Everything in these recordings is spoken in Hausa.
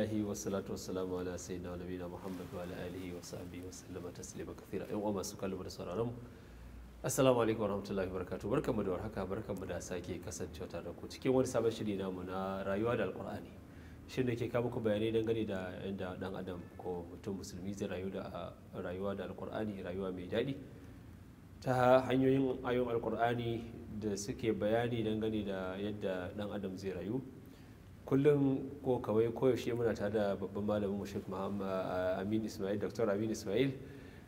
alhamdulillahi wassalatu wassalamu ala sayyidina wa nabiyina muhammad wa ala alihi wa sahbihi wa sallama taslima kathira yan uwa masu kallon da sauraron assalamu alaikum wa rahmatullahi wa barakatuh barkamu da warhaka barkamu da sake kasancewa tare da cikin wani sabon shiri namu na rayuwa da alqur'ani shirin da ke kawo muku bayanai dangane da yadda dan adam ko mutum musulmi zai rayu da rayuwa da alqur'ani rayuwa mai daɗi ta hanyoyin ayon alqur'ani da suke bayani dangane da yadda dan adam zai rayu kullum ko kawai koyaushe muna tare da babban malamin mushek muhammad ah, amin ismail dr amin ismail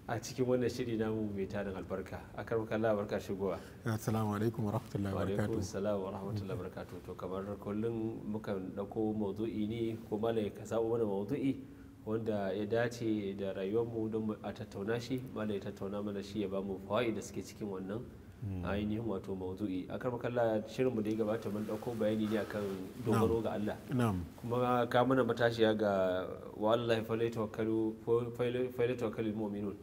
a cikin wannan shiri namu mai tarin albarka a karbuka Allah barka shigowa assalamu alaikum wa rahmatullahi wa barakatuh alaikum assalam wa rahmatullahi wa barakatuh to kamar kullum mukan dauko maudui ne ko malai ka sabo mana maudui wanda ya dace da rayuwar mu don a tattauna shi malai tattauna mana shi ya ba mu fawaid da suke cikin wannan Hmm. ainihin wato mawdu'i a shirin shirinmu da ya gabata mun dauko bayani ne akan dogaro ga Allah kuma ka mana matashiya ga wallahi failatu wakalil mu'minun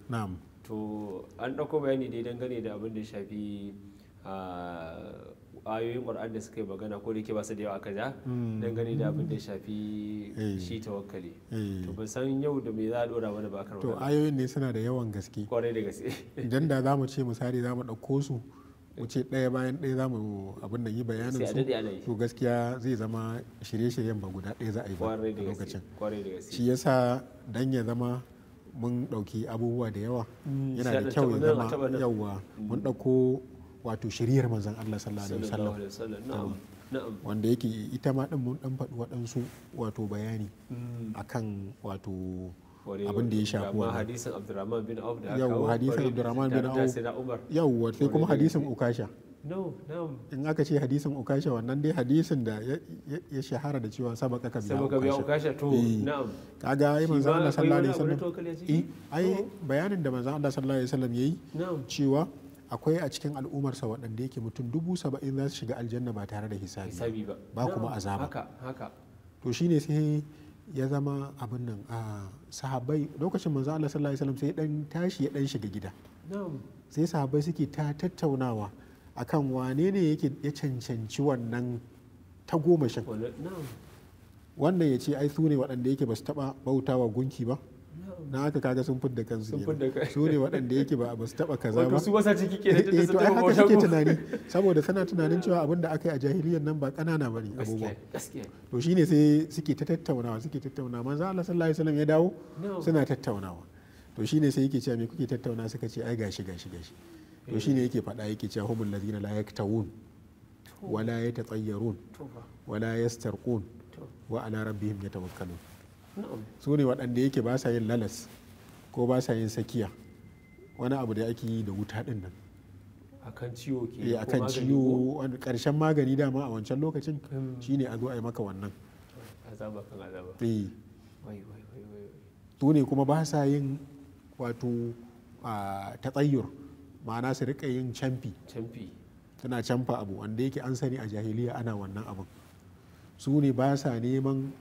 to an dauko bayani dai dangane da abin da ya shafi ah, ayoyin ƙwar'an da suka yi magana ko da ke basu da yawa aka don mm. dangane da abin da shafi eh. shi tawakkali eh. to ban san yau da me za a dora mana bakar to ayoyin ne suna da yawan gaske kwarai da gaske idan da zamu ce misali zamu ɗauko su mu ce ɗaya bayan ɗaya za mu abin da yi bayanin su to gaskiya zai zama shirye-shiryen ba guda ɗaya za a yi ba a lokacin shi yasa dan ya zama mun ɗauki abubuwa da yawa mm. yana da kyau ya zama yawa mun ɗauko wato shiriyar manzan Allah sallallahu alaihi wasallam um, wanda yake ita ma din mun dan faɗi waɗansu wato bayani mm. akan wato abin da ya shafi wa hadisin Abdurrahman bin Auf da aka hadisin Abdurrahman bin Auf yawo sai kuma hadisin Ukasha in aka ce hadisin Ukasha wannan dai hadisin da ya shahara da cewa sabaka ka biya sabaka biya Ukasha to eh. na'am kaga ai manzo Allah sallallahu alaihi wasallam eh ai bayanin da manzo Allah sallallahu alaihi wasallam yayi cewa akwai a cikin al'ummarsa waɗanda yake mutum dubu saba'in za su shiga aljanna ba tare da hisabi ba kuma azaba to shine sai ya zama abin nan a sahabbai lokacin manzo Allah sallallahu alaihi wasallam sai dan tashi ya dan shiga gida sai sahabai suke ta tattaunawa akan wane ne yake ya cancanci wannan ta goma shan wannan ya ce ai su ne waɗanda yake ba su taɓa bautawa gunki ba na haka kaga sun fidda kansu su ne waɗanda yake ba ba su taba kaza ba su wasa ciki ke da eh, to ai haka suke tunani saboda sana tunanin cewa abin da aka yi a jahiliyyar nan ba ƙanana bane abubuwa to shine sai suke ta tattaunawa suke tattaunawa manzo Allah sallallahu alaihi wasallam ya dawo suna tattaunawa to shine sai yake cewa me kuke tattaunawa suka ce ai gashi gashi gashi to shine yake faɗa yake cewa humul ladina la yaktawun wala yatatayyarun wala yastarqun wa ala rabbihim yatawakkalun su ne waɗanda yake ba sa yin lalas ko ba sa yin sakiya wani abu da ake yi da wuta ɗin nan akan ciwo eh, ciwo karshen magani dama a wancan lokacin hmm. shine a zo a yi maka wannan azaba eh. kuma ba sa yin wato tatsayyur ma'ana su rika yin camfi camfi tana camfa abu wanda yake an sani a jahiliya ana wannan abin su ne ba sa neman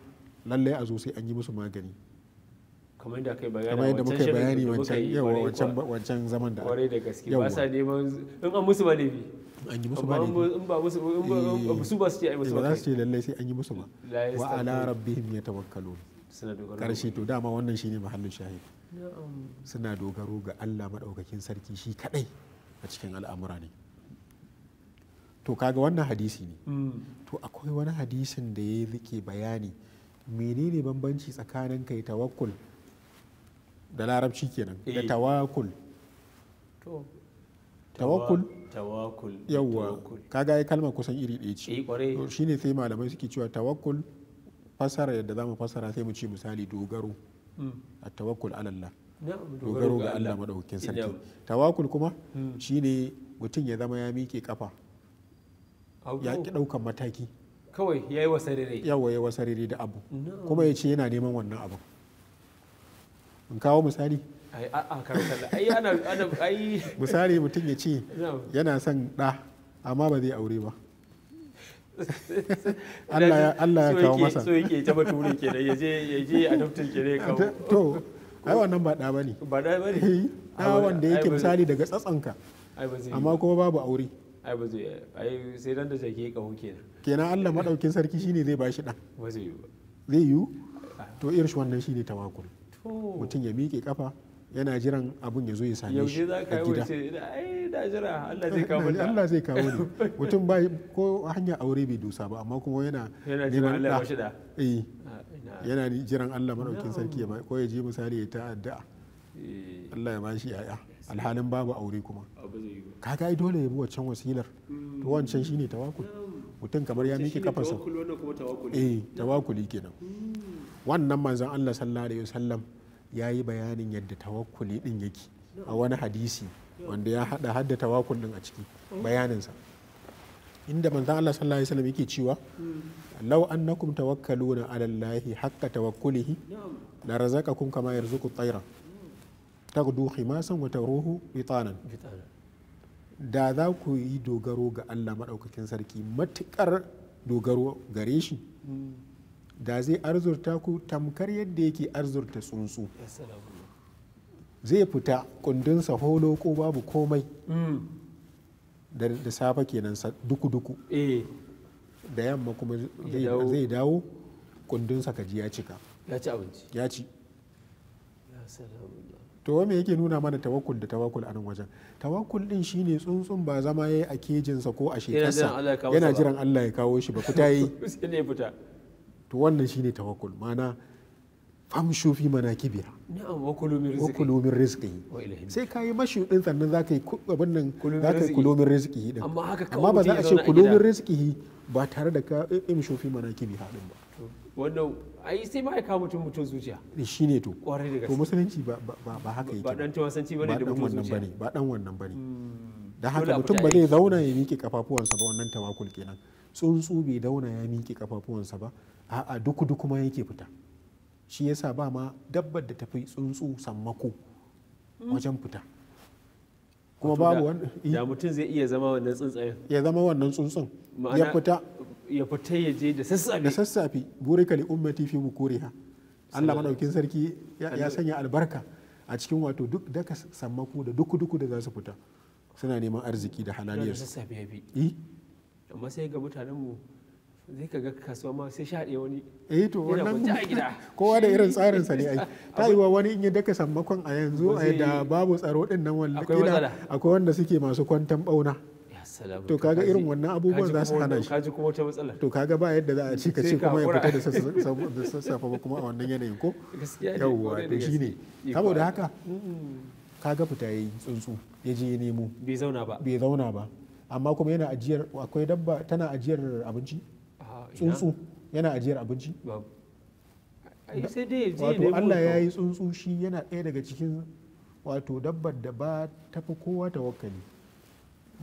lallai a zo sai an yi musu magani kamar yadda kai bayani bayani wancan yawa wancan wancan zaman da kwarai da gaske ba sa neman in an musu ba laifi an yi musu ba laifi in ba musu in ba eh. su ba su ce ai musu eh, ba za su ce lallai sai an yi musu ba wa ala rabbihim yatawakkalun karshe to dama wannan shine mahallin shahid suna dogaro ga Allah madaukakin sarki shi kadai a cikin al'amura ne to kaga wannan hadisi ne mm. to akwai wani hadisin da ya rike bayani menene bambanci tsakanin kai tawakkul da larabci kenan da eh. tawakul tawakul tawakul yawwa kaga ai kalmar kusan iri ɗaya ce eh, shine sai malamai suke cewa tawakul fasara yadda zamu fasara sai mu ce misali dogaro hmm. a tawakkul alallah dogaro ga Allah madaukakin sarki tawakul kuma hmm. shine mutum ya zama ya miƙe kafa ya ki ɗaukan mataki kawai ya yi wasarere yawa ya wasarere da abu kuma ya ce yana neman wannan abu in kawo misali misali mutum ya ce yana son ɗa amma ba zai aure ba Allah ya kawo masa so yake ta bature kenan ya je ya je adoptin kenan ya kawo to ai wannan ba ɗa bane ba ɗa bane eh, ɗa wanda yake misali daga tsatsanka amma kuma babu aure ai ba zai ai sai dan da jake kaho kenan kenan Allah madaukin sarki shine zai dan ba zai yi zai yi to irin shi wannan shine tawakkul mutum ya miƙe kafa yana jiran abun ya zo ya same shi a gida da jira Allah zai kawo ni Allah zai kawo ni mutum ba ko hanya aure bai dusa ba amma kuma yana neman da eh ah, yana jiran Allah madaukin sarki ya ko ya je misali ya ta'adda eh. Allah ya bashi yaya alhalin babu aure kuma ka ga dole ya bi wancan wasilar to wancan shine tawakul mutum kamar ya miƙe sa eh tawakuli kenan wannan manzon Allah sallallahu alaihi wasallam ya yi bayanin yadda tawakuli din yake a wani hadisi wanda ya hada hadda tawakul din a ciki bayaninsa inda manzon Allah sallallahu alaihi wasallam yake cewa law annakum tawakkaluna ala allahi haqqa tawakkulihi la razaqakum kama yarzuqu at-tayra tagdu khimasan wa taruhu bitanan da za ku yi dogaro ga allah maɗaukakin sarki matuƙar dogaro gare shi da zai arzurta ku tamkar yadda yake arzurta tsuntsu zai fita kundinsa holo ko babu komai da safe kenan duku-duku eh. da yamma kuma zai dawo kundinsa kaji ya cika ya ci abinci ya ci to me yake nuna mana tawakkul da tawakkul a nan wajen tawakkul din shine tsuntsun ba zama yayi a kejinsa ko a shekarsa yana jiran Allah ya kawo shi ba fita yi to wannan shine tawakkul mana famshu fi mana kibira wa kulumin rizqi sai kai mashi din sannan zaka yi abin nan zaka yi kulumin rizqi din amma ba za a ce kulumin rizqi ba tare da ka eh, eh, imshu fi kibira din ba wannan ai sai ma ya kawo mutum mutum zuciya eh, shi ne to kwarai da gaske to musulunci ba ba haka yake ba dan sanci bane da mutum zuciya ba dan wannan bane hmm. da haka mutum ba zai zauna ya miƙe kafafuwansa ba wannan tawakul kenan tsuntsu bai zauna ya miƙe kafafuwansa ba a'a duku duku ma yake fita shi yasa ba ma dabbar da tafi tsuntsu sammako hmm. wajen fita kuma babu wanda eh. da mutum zai iya zama wannan tsuntsayen ya zama wannan tsuntsun ya fita ya fita ya je da sassafe da sassafe burika li ummati fi bukuriha Allah madaukin sarki ya sanya albarka a cikin wato duk daka sammaku da duku duku da za su fita suna neman arziki da halaliyar su sassafe bi eh amma sai ga mutanen mu zai ka ga kasuwa ma sai shaɗe wani eh to wannan kowa da irin tsarin sa ne ai ta yi wa wani in ya daka sammakon a yanzu a da babu tsaro din nan wallahi akwai wanda suke masu kwantan bauna to kaga irin wannan abubuwan za su hana shi kaji kuma wata matsala to kaga ba yadda za a ci kace ce kuma ya fita da sassafa ba kuma a wannan yanayin ko yawwa to shine saboda haka kaga fita yayi tsuntsu ya je ya nemo bai zauna ba bai zauna ba amma kuma yana ajiyar akwai dabba tana ajiyar abinci tsuntsu yana ajiyar abinci wato Allah ya yi tsuntsu shi yana ɗaya daga cikin wato dabbar da ba ta fi kowa tawakkali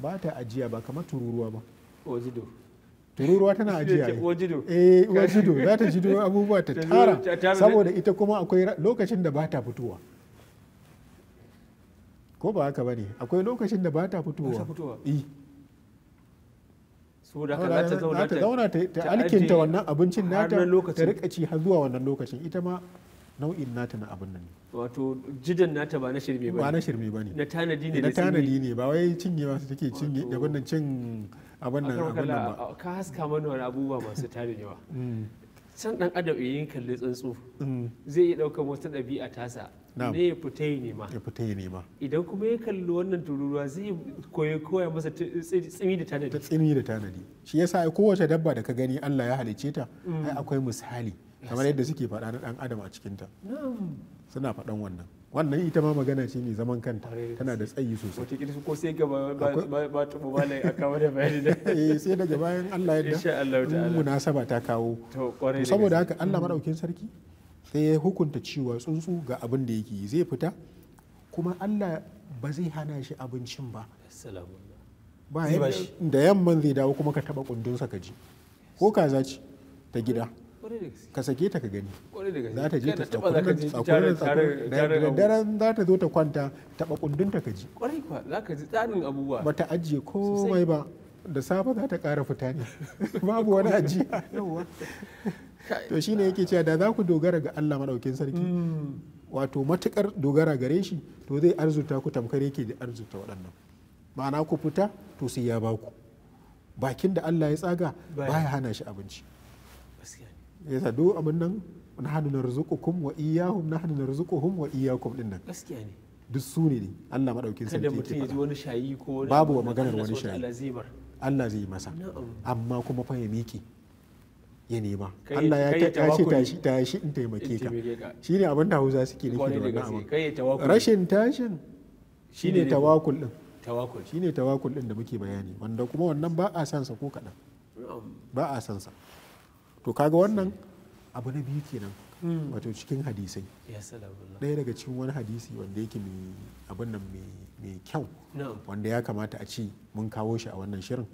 ba ta ajiya ba kamar tururuwa ba ojido tururuwa tana ajiya ne wajido eh ojido za ta jido abubuwa ta tara saboda ita kuma akwai lokacin da ba ta fitowa ko ba haka ba ne akwai lokacin da ba ta fitowa eh. saboda haka za ta zauna ta alkinta wannan abincin nata ta rika ci har zuwa wannan lokacin ita ma nau'in nata na abin nan wato jidan nata ba na shirme ba na shirme ba ne na tanadi ne na tanadi ne ba wai cinye ba su take cinye da wannan cin abin nan abin nan ba ka haska mana wani abubuwa masu tarin yawa can mm. dan adam yayin kalli tsuntsu mm. zai iya daukar wata ɗabi'a tasa ne ya fita ya nema ya fita yi nema idan kuma ya kalli wannan tururuwa zai koyi koya masa tsimi da tanadi ta tsimi da tanadi shi yasa kowace dabba da ka gani Allah ya halicce ta mm. ai akwai misali kamar yadda suke faɗa na ɗan adam a cikinta suna faɗan wannan wannan ita ma magana ce mai zaman kanta tana da tsayi sosai wata kirsu ko sai gaba ba tubu ba lai a kama da bayani da eh sai daga bayan Allah yadda insha Allah ta'ala munasaba ta kawo saboda haka Allah mm. madaukin sarki sai ya hukunta cewa tsuntsu ga abin da yake zai fita kuma Allah ba zai hana shi abincin ba ba da yamman zai dawo kuma ka taba kundunsa ka ji ko kaza ce ta gida ka sake ta ka gani za ta je ta tsakunan tsakunan da daren za ta zo ta kwanta taɓa kundin ta ka ji za ka ji tsarin abubuwa ba ta ajiye komai ba da safe za ta ƙara fita ne babu wani ajiya to shi ne yake cewa da za ku dogara ga Allah maɗaukin sarki hmm. wato matuƙar dogara gare shi to zai arzuta ku tamkar yake da arzuta waɗannan ma'ana ku fita to sai ya baku bakin da Allah ya tsaga ba ya hana shi abinci yasa duk abin nan nahnu narzuqukum wa iyyahum nahnu narzuquhum wa iyyakum din nan gaskiya ne duk su ne Allah madaukin sarki kada mutum ya ji wani shayi ko wani babu wa maganar wani shayi Allah zai yi masa amma kuma fa ya miki ya nema Allah ya tashi tashi tashi in taimake ka shine abin da Hausa suke nufi da wannan abin rashin tashin shine tawakul din tawakul shine tawakul din da muke bayani wanda kuma wannan ba a san sa ko kadan ba a san sa to kaga wannan abu na biyu kenan hmm. wato cikin hadisai ɗaya daga cikin wani hadisi wanda yake mai abin nan mai kyau wanda ya kamata a ci mun kawo shi a wannan shirin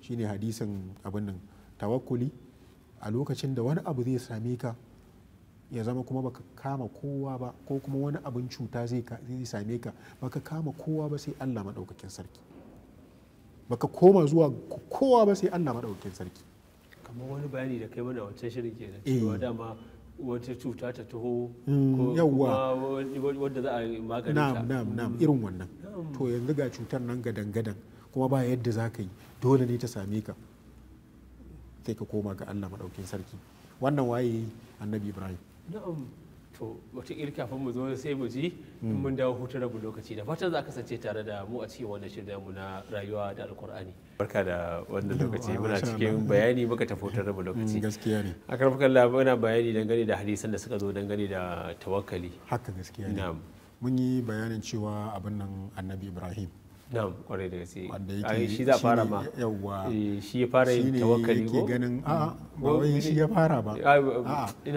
shine hadisin abin nan tawakkuli a lokacin da wani abu zai same ka ya zama kuma baka kama kowa ba ko kuma wani abin cuta zai same ka baka kama kowa ba sai Allah maɗaukakin sarki baka koma zuwa kowa ba sai Allah maɗaukakin sarki amma wani bayani da kai mana wancan shirin da eh. cewa dama wata cuta ta taho mm, yawwa wadda za a magani nam nam nam mm. irin wannan to yanzu ga cutar nan gadan gadan kuma ba yadda za ka yi dole ne ta same ka sai ka koma ga Allah madaukin sarki wannan waye annabi Ibrahim to ilka kafin mu zo sai mu ji in mun dawo hutun rabu lokaci da fatan za ka kasance tare da mu a cikin wannan shirin mu na rayuwa da alkur'ani barka da wannan lokaci muna cikin bayani muka tafi hutun rabu lokaci mm, gaskiya ne a karfakan muna bayani dangane da hadisan da suka zo dangane da tawakkali haka gaskiya ne mun yi bayanin cewa abin nan annabi ibrahim ba wai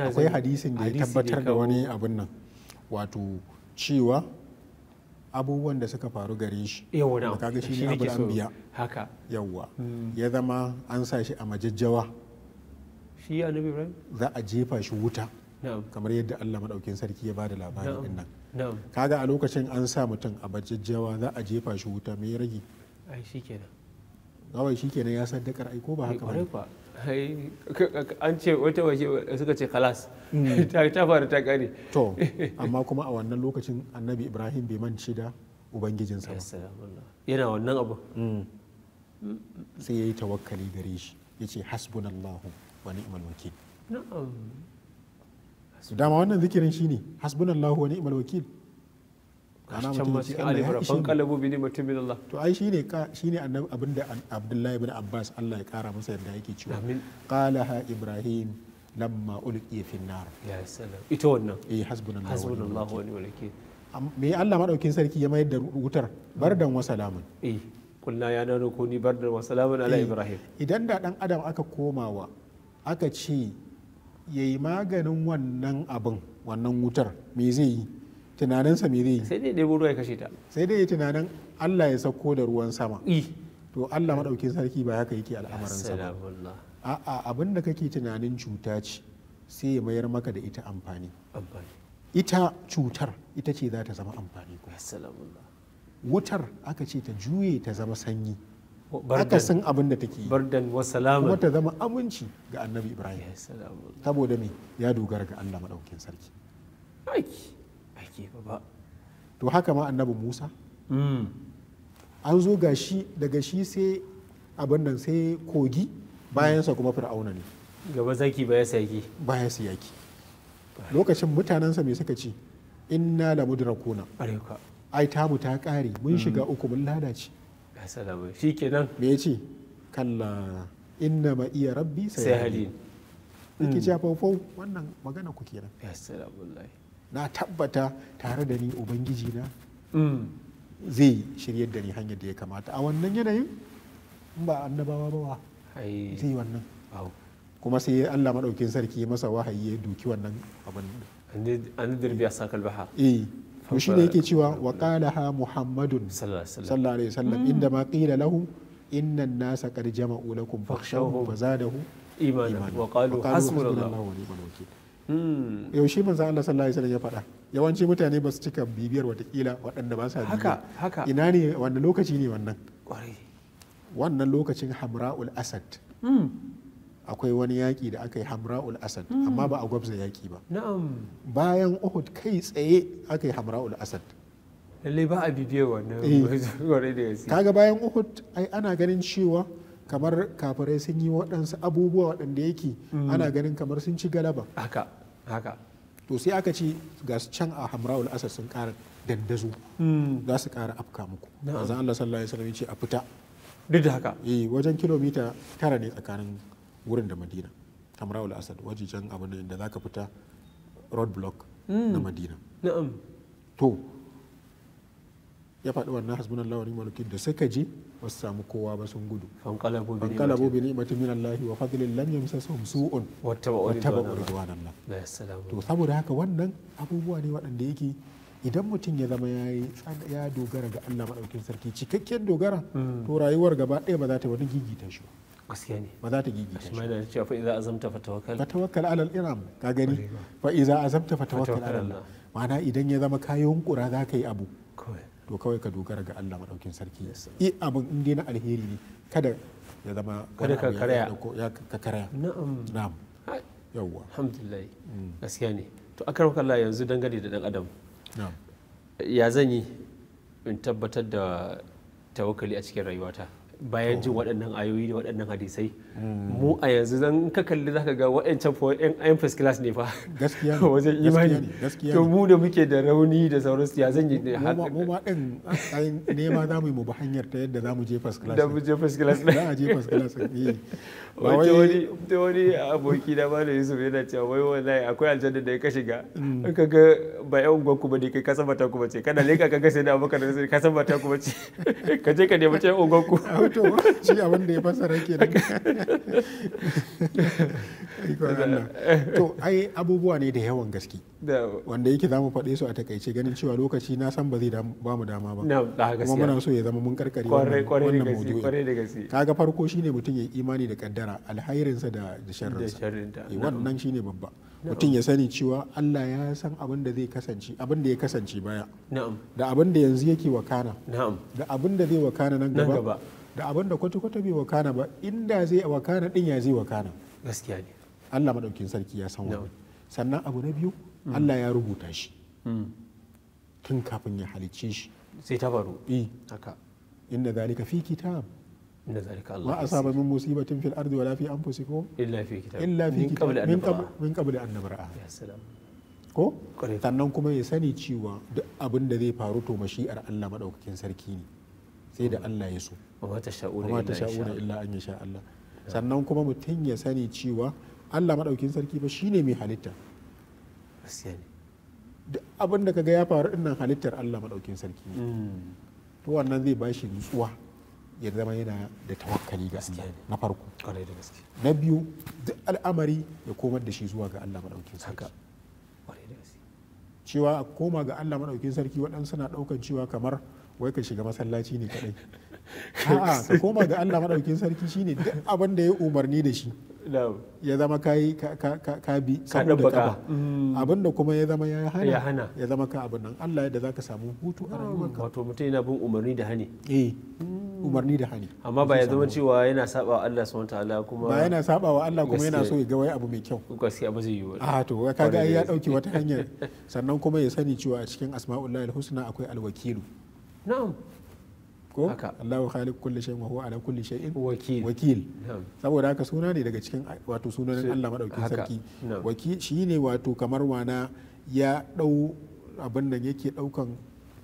akwai hadisin da ya tabbatar da wani abin wato cewa abubuwan da suka faru gare shi yawa kaga shi ne abin biya haka yawwa hmm. ya zama an sa shi a majajjawa shi annabi ibrahim za a jefa shi wuta kamar yadda Allah maɗaukin sarki ya bada labarin nan kaga a lokacin an sa mutum a bajajjawa za a jefa shi wuta mai rage ai shikenan gawai kenan ya san dakar aiko ko ba haka ba an ce wata waje suka ce kalas hmm. ta faru ta kare to amma kuma a wannan lokacin annabi ibrahim bai mance da ubangijinsa ba yana wannan abu hmm. Hmm. sai ya yi tawakkali gare shi ya ce hasbunallahu wa ni'mal wakil su dama wannan zikirin shine hasbunallahu wa ni'mal wakil ana mutum ce Allah ya haƙi kalabu bi ni'matin min Allah to ai shine shine abinda Abdullahi ibn Abbas Allah ya kara masa yadda yake cewa qalaha Ibrahim lamma ulqiya fi nar ya salam ita wannan eh hasbunallahu wa ni'mal wakil me Allah madaukin sarki ya mayar da wutar bardan wa salamun eh kullu ya naro ko ni bardan wa salamun ala eh, Ibrahim idan da dan adam aka komawa aka ce ya yi maganin wannan abin wannan wutar me zai yi tunaninsa me zai yi sai dai ɗebo ruwa ya kashe ta sai dai tunanin allah ya sauko da ruwan sama to allah maɗaukin sarki ba haka yake al'amarin sama a'a abin da kake tunanin cuta ce sai ya mayar maka da ita amfani ita cutar ita ce za ta zama amfani wutar aka ce ta juye ta zama sanyi akasin abin da take yi bardan wa kuma ta zama aminci ga annabi ibrahim saboda me ya dogara ga allah maɗaukin sarki aiki aiki ba to haka ma annabi musa hmm. an zo ga shi daga shi sai abin nan sai kogi bayansa kuma fir'auna ne gaba zaki baya sayaki baya sayaki lokacin mutanensa me suka ci inna lamudrakuna mudrakuna ai tamu ta kare mun hmm. shiga uku mun lalace hasada shi kenan me ce kalla inna ma iya rabbi sai halin yake cewa mm. faufau wannan magana ku kenan na tabbata tare da ni ubangiji na mm. zai shiryar da ni hanyar da ya kamata a wannan yanayin ba annabawa ba zai wannan kuma sai Allah maɗaukin sarki masa wahayi ya duki wannan abin an dirbi a sakal bahar eh. to shi ne yake cewa wa qalaha muhammadun sallallahu alaihi wasallam mm. inda ma qila lahu inna an-nasa qad jama'u lakum fakhshawhum fazadahum imanan wa qalu hasbunallahu wa ni'mal wakeel hmm. yaushe manzo Allah sallallahu alaihi wasallam ya faɗa yawanci mutane ba su cika bibiyar watakila waɗanda ba sa haka haka ina ne wanda lokaci ne wannan wannan lokacin hamra'ul asad hmm. akwai wani yaƙi da aka yi hamra'ul asad hmm. amma ba a gwabza yaƙi ba bayan uhud kai tsaye aka yi hamra'ul asad lalle ba a bibiye wannan eh. kaga bayan uhud ai ana ganin cewa kamar kafirai sun yi waɗansu abubuwa waɗanda yake hmm. ana ganin kamar sun ci galaba haka haka to sai aka ce ga su can a hamra'ul asad sun ƙara dandazo hmm. za su ƙara afka muku manzo Allah sallallahu alaihi wasallam ya ce a fita duk da haka eh wajen kilomita tara ne tsakanin wurin da madina kamrawul asad wajijen abin da za ka fita roadblock hmm. na madina na'am to ya faɗi wannan hasbunan lawani maluki da suka je ba su samu kowa ba sun gudu fankalabu bi ni'mati min Allah wa fadlin lam yamsasum su'un wa tabu'u ridwanan Allah to saboda haka wannan abubuwa ne waɗanda yake idan mutum ya zama ya yi ya dogara ga Allah maɗaukin sarki cikakken dogara hmm. to rayuwar gaba ɗaya ba za ta wani gigita shi ba gaskiya ne ba za ta gigi shi mai da cewa fa idza azamta fa fatawakkal ala al-iram ka gani fa idza azamta fatawakkal ala Allah ma'ana idan ya zama kayan yunkura za ka yi abu to kawai ka dogara ga Allah madaukin sarki i abin in na alheri ne kada ya zama kada ka karaya ka karaya na'am na'am yawwa alhamdulillah mm. gaskiya ne to akarwaka Allah yanzu dangane da dan adam ya zan yi in tabbatar da tawakkali a cikin rayuwata bayan jin waɗannan ayoyi da waɗannan hadisai mu a yanzu zan ka kalli zaka ga wa'ancan fa yan first class ne fa gaskiya wajen imani to mu da muke da rauni da sauran ya zan yi mu ma din tsayin nema za mu yi mu ba hanyar ta yadda za mu je first class da mu je first class da a je first class eh ba wani wani aboki da malam Yusuf yana cewa wai wallahi akwai aljanna da ya ka shiga mm. in ka ga ba yan gwan ku bane kai ka san ta ku bace kana leka ka ga sai da abokan da ka san ta ku bace ka je ka nemi ta yan gwan ku to shi abin da ya fassara kenan to ai abubuwa ne da yawan gaske wanda yake za mu faɗe su a takaice ganin cewa lokaci na san ba zai ba mu dama ba kuma muna so ya zama mun karkare wannan maudu'i kaga farko shine mutum ya imani da kaddara alhairinsa da sharrinsa eh, wannan shine babba mutum ya sani cewa Allah ya san abin da zai kasance abin da ya kasance baya da abin da yanzu yake wakana da abin da zai wakana nan gaba da abin da kwata-kwata bai wakana ba inda zai a wakana din ya zai wakana gaskiya ne Allah madaukin sarki ya san wani sannan abu na biyu hmm. Allah ya rubuta shi hmm. tun kafin ya halicce shi sai ta faru eh haka inda zalika fi kitab inda zalika Allah ma asaba min musibatin fil ardi wala fi anfusikum illa fi kitab illa fi kitab min qabl min qabl an nabra'a ya salam ko sannan kuma ya sani cewa duk abin da zai faru to mashi'ar Allah madaukakin sarki ne sai da Allah ya so ba ta sha'una illa an ya sha Allah sannan kuma mutum ya sani cewa Allah maɗaukin sarki ba shine mai halitta duk abin da kaga ya faru dinnan halittar Allah maɗaukin sarki hmm. to wannan zai bashi nutsuwa ya zama yana da tawakkali ga Allah na farko na biyu duk al'amari ya komar da shi zuwa ga Allah maɗaukin sarki cewa a koma ga Allah maɗaukin sarki waɗansu na ɗaukan cewa kamar wai ka shiga masallaci ne kadai a'a ka koma ga Allah madaukin sarki shine duk abin da ya umarni da shi ya zama ka yi ka bi saboda kaba mm. abin da kuma ya zama ya hana ya zama ka abin nan Allah yadda za ka samu hutu a rayuwarka wato mutum yana bin umarni da hani eh mm. umarni da hani amma ba ya zama cewa yana saba wa Allah subhanahu wataala kuma ba yana saba wa Allah kuma yana so ya ga wai abu mai kyau gaskiya ba zai yi ba a to kaga ya dauki wata hanyar sannan kuma ya sani cewa a cikin asma'ul husna akwai alwakilu na'am ko Allahu khaliq kulli shay'in wa huwa ala kulli shay'in wakil wakil saboda haka suna ne daga cikin wato sunanin Allah madaukakin sarki wakil shine wato kamar wana ya dau abin nan yake daukan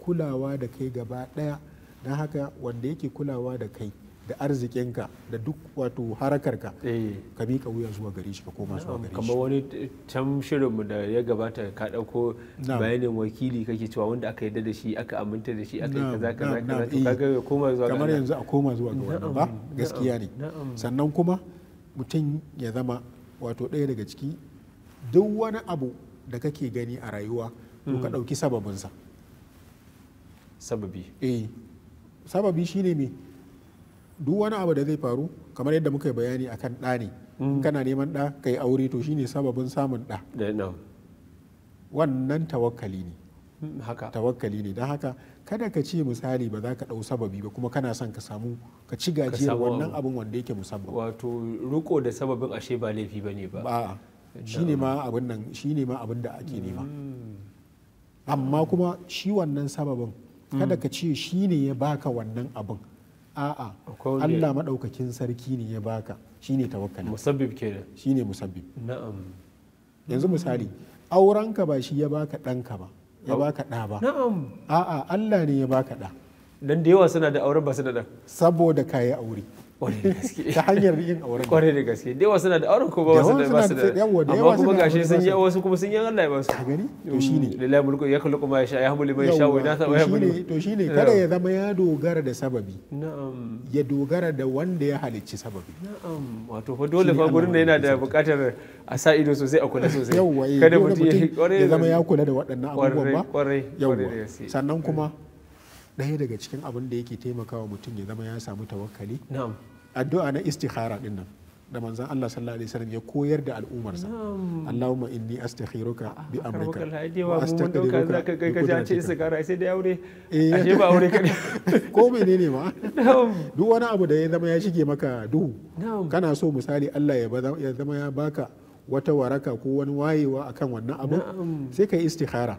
kulawa da kai gaba daya dan haka wanda yake kulawa da kai da arzikinka da duk wato harakarka eh. ka bi wuya zuwa gari shi ka koma zuwa gari shi kamar wani can shirinmu da ya gabata ka dauko bayanin wakili kake cewa wanda aka yarda da shi aka aminta da shi aka yi kaza kaza kaza to kaga ya koma zuwa kamar yanzu a koma zuwa ga wannan ba gaskiya ne sannan kuma mutum ya zama wato ɗaya daga ciki duk wani abu da kake gani a rayuwa to ka hmm. ɗauki sababinsa sababi eh sababi shine me duk wani abu da zai faru kamar yadda muka yi bayani akan ɗa ne mm. kana neman ɗa ka yi aure to shine sababin samun ɗa wannan tawakkali ne tawakali mm, tawakkali ne don haka kada ka ce misali ba za ka ɗau sababi ba kuma kana son ka samu ka ci gajiyar wannan abin wanda yake musamman wato riko da sababin ashe ba laifi ba ne ba shine ma abin nan shine ma abin da ake nema mm. amma kuma shi wannan sababin kada ka ce shi ne ya baka wannan abin a'a Allah maɗaukakin sarki ne ya baka shine tawakkali musabbib kenan shine musabbib na'am yanzu misali aurenka ba shi ya baka ɗanka ba ya baka ɗa ba na'am a'a Allah ne ya baka ɗa dan da yawa suna da auren ba su da ɗan saboda kayi aure ta hanyar yin auren kwarai da gaske da yawa suna da auren ko ba wasu da basu da amma kuma gashi sun yi wasu kuma sun yi Allah ya ba su ka gani to shine lillahi mulku ya kullu kuma ya sha ya hamuli mai sha wai na sa ya hamuli to shine kada ya zama ya dogara da sababi na'am ya dogara da wanda ya halicci sababi na'am wato fa dole fa gurin da yana da bukatar a sa ido sosai a kula sosai eh, kada mutum ya zama ya kula da waɗannan abubuwan ba kwarai kwarai sannan kuma ɗaya daga cikin abin da yake taimakawa mutum ya zama ya samu tawakkali addu'a na istikhara din nan da manzan Allah sallallahu alaihi wasallam ya koyar da al'ummarsa Allahumma inni astakhiruka bi amrika wa astaqdiruka ka kai kaje ce sigara sai da aure eh. ashe ba aure kane ko menene ma duk wani abu da ya zama ya shige maka duhu kana so misali Allah ya zama ya baka wata waraka ko wani wayewa akan wannan abu sai kai istikhara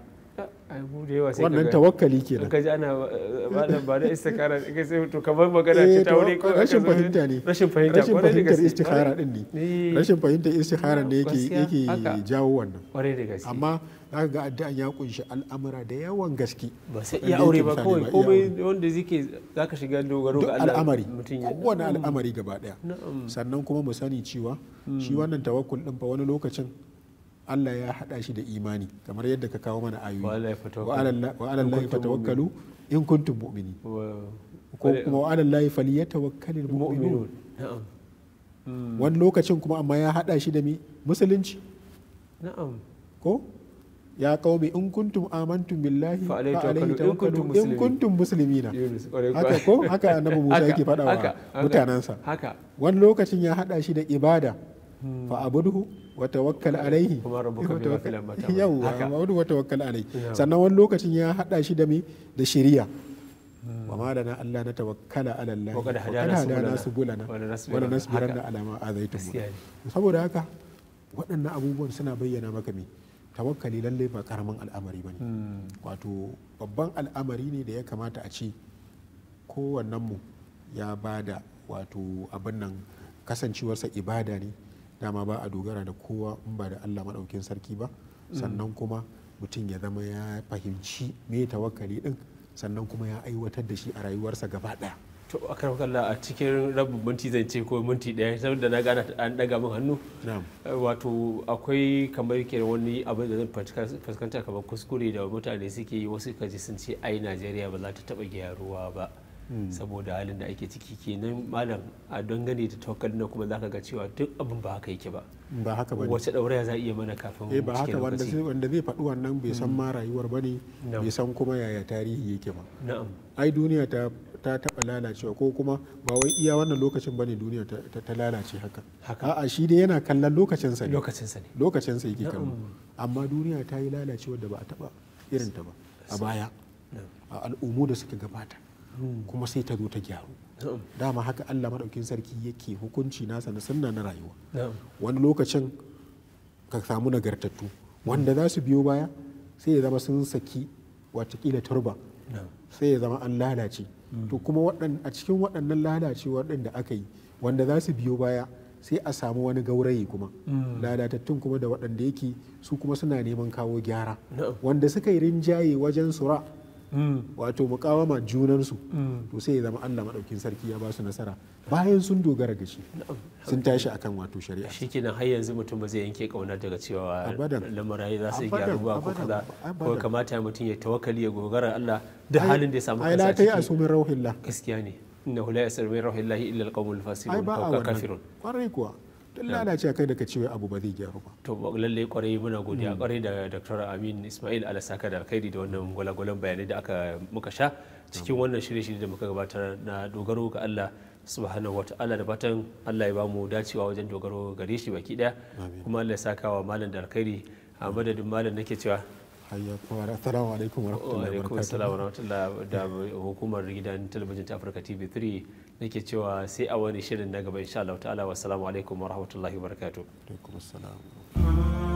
wannan tawakkali ke nan kaji ana eh, ba da istikhara kai sai to kamar magana ce ta wuri ko eh, rashin fahimta ne rashin fahimta rashin fahimtar istikhara din ne rashin fahimtar istikhara ne yake yake jawo wannan kwarai da gaske amma zaka ga addu'an ya kunshi al'amura da yawan gaske ba sai iya aure ba kawai komai wanda zike zaka shiga dogaro ga Allah al'amari kowane mm. al'amari gaba daya sannan kuma mu sani cewa shi mm. wannan tawakkul din fa wani lokacin Allah ya haɗa shi da imani kamar yadda ka kawo mana ayoyi wa alallahi fatawakkalu in kuntum mu'mini ko kuma wa alallahi falyatawakkalul mu'minun hmm. wani lokacin kuma amma ya haɗa shi da mi musulunci na'am ko ya qaumi in kuntum amantum billahi fa alayhi tawakkalu in kuntum muslimina haka ko haka annabi Musa yake faɗa wa mutanansa wani lokacin ya haɗa shi da ibada fa abudu wata tawakkal alaihi yawwa wata wakkal alaihi sannan wani lokacin ya hada shi da me da shari'a hmm. wa ma lana Allah na tawakkala ala Allah wa kada hadana subulana wa la nasbiranna ala ma azaitum saboda haka waɗannan abubuwan suna bayyana maka me tawakkali lalle ba karamin al'amari bane hmm. wato babban al'amari ne da ya kamata a ce kowannen mu ya bada wato abin nan kasancewarsa ibada ne dama ba a dogara da kowa in ba da allah maɗaukin sarki ba mm. sannan kuma mutum ya zama ya fahimci me tawakkali din sannan kuma ya aiwatar da shi a rayuwarsa gaba ɗaya to a karfakalla a cikin rabin minti zan ce ko minti ɗaya saboda na gana an ɗaga min hannu eh, wato akwai kamar ke wani abin da zan fuskanta kamar kuskure da mutane suke yi wasu kaji sun ce ai najeriya ba za ta taɓa gyaruwa ba Hmm. saboda halin da ake ciki kenan malam a dangane da tokar na kuma zaka ga cewa duk abin ba haka yake ba ba haka bane wace dauraya za iya mana kafin eh ba haka wanda wanda zai faɗi wannan bai san hmm. ma rayuwar bane bai san kuma yaya tarihi yake ba na'am ai duniya ta ta taɓa lalacewa ko kuma ba wai iya wannan lokacin bane duniya ta lalace haka a'a shi dai yana kallon lokacinsa ne lokacinsa ne lokacinsa yake kallo amma duniya ta yi lalacewa da ba a taɓa irin ta ba a baya a al'ummu da suka gabata Hmm. kuma sai ta zo ta gyaru dama haka Allah maɗaukin sarki yake hukunci nasa na sunna na rayuwa wani lokacin ka samu nagartattu wanda za su biyo baya sai ya zama sun saki watakila turba sai ya zama an lalace hmm. to kuma a cikin waɗannan lalace waɗanda aka yi wanda za su biyo baya sai a samu wani gauraye kuma hmm. lalatattun kuma da waɗanda yake su kuma suna neman kawo gyara wanda suka yi rinjaye wajen sura wato mukawama junansu mm. to sai ya zama Allah madaukin sarki ya ba su nasara bayan sun dogara ga shi sun tashi akan wato shari'a shi kenan har yanzu mutum ba zai yanke kauna daga cewa lamarayi za su gyara ba ko kaza ko kamata mutum ya tawakkali ya gogara Allah da halin da ya samu kasa ciki ai la rauhillah gaskiya ne innahu la yasmin rauhillahi illa alqawmul fasiqun kafirun kwarai kuwa don lalace kai da ka ciwo abu ba zai gyaru ba. To lalle kwarai muna godiya hmm. kwarai da Dr. Amin Ismail Alasaka da alkhairi da wannan gwalagwalan bayanai da aka muka sha cikin hmm. wannan shirye-shirye da muka gabatar na dogaro ga Allah subhanahu wata'ala da fatan Allah ya bamu dacewa wajen dogaro gare shi baki daya kuma Allah ya saka wa malam da alkhairi a madadin malam nake cewa hayyakum assalamu alaikum warahmatullahi da hukumar gidan talabijin ta Afirka TV3 nake cewa sai a wani shirin na gaba insha Allah ta'ala wa assalamu alaikum warahmatullahi wabarakatuh alaikum assalam